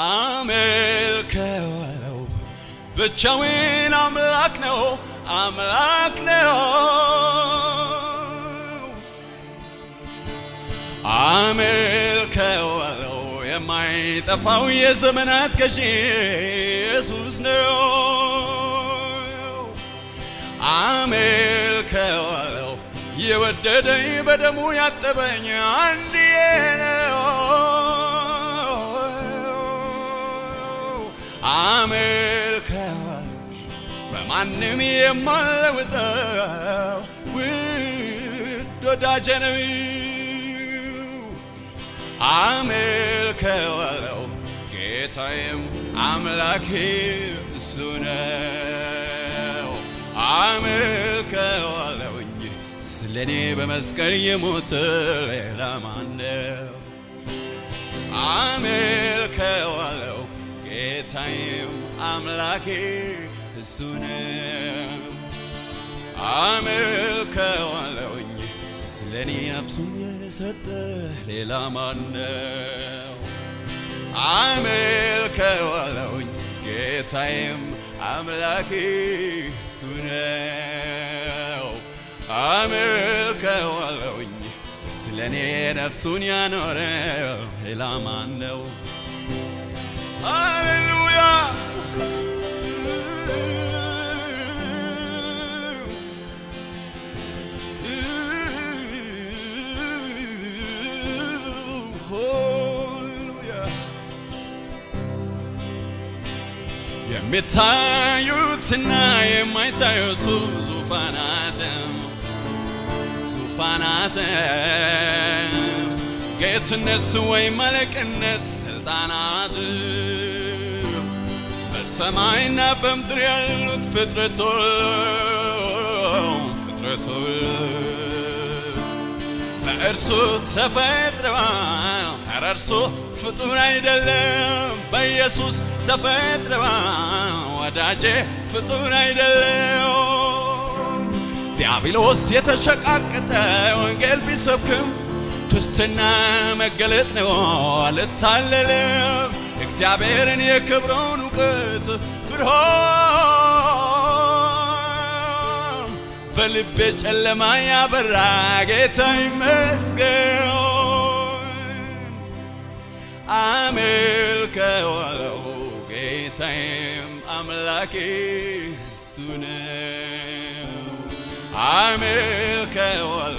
አመልከዋለው። ብቻውን አምላክ ነው፣ አምላክ ነው። አመልከዋለው። የማይጠፋው የዘመናት ገዢ ኢየሱስ ነው። አመልከዋለው። የወደደኝ በደሙ ያጠበኝ አንድዬ በማንም የማለውጠው ውድ ወዳጄ ነው። አመልከዋለሁ ጌታዬም አምላኬ እሱ ነው። አመልከዋለሁ ስለኔ በመስቀል የሞተ ሌላ ማነው? አመልከዋለሁ ጌታዬም አምላኬ እሱ ነው ስለኔ ነፍሱን የሰጠ ሌላ ማነው? አመልከዋለሁኝ ጌታዬም አምላኬ እሱ ነው ስለኔ ነፍሱን ያኖረ ሌላ ማን የሚታዩትና የማይታዩት ዙፋናት ዙፋናት ጌትነት ወይ መለቅነት ስልጣናት በሰማይና በምድር ያሉት ፍጥረቶ ፍጥረቶ በእርሱ ተፈጥረዋል። ኧረ እርሱ ፍጡር አይደለም በኢየሱስ ተፈጥረዋ ወዳጄ ፍጡር አይደለው ዲያብሎስ የተሸቃቀጠ ወንጌል ቢሰብክም ክርስትና መገለጥ ነው አልታለለም። እግዚአብሔርን የክብረውን እውቀት ብርሃን በልቤ ጨለማ ያበራ ጌታ ይመስገን። አሜን ከዋለው ጌታዬም አምላኬ እሱ ነው አሜል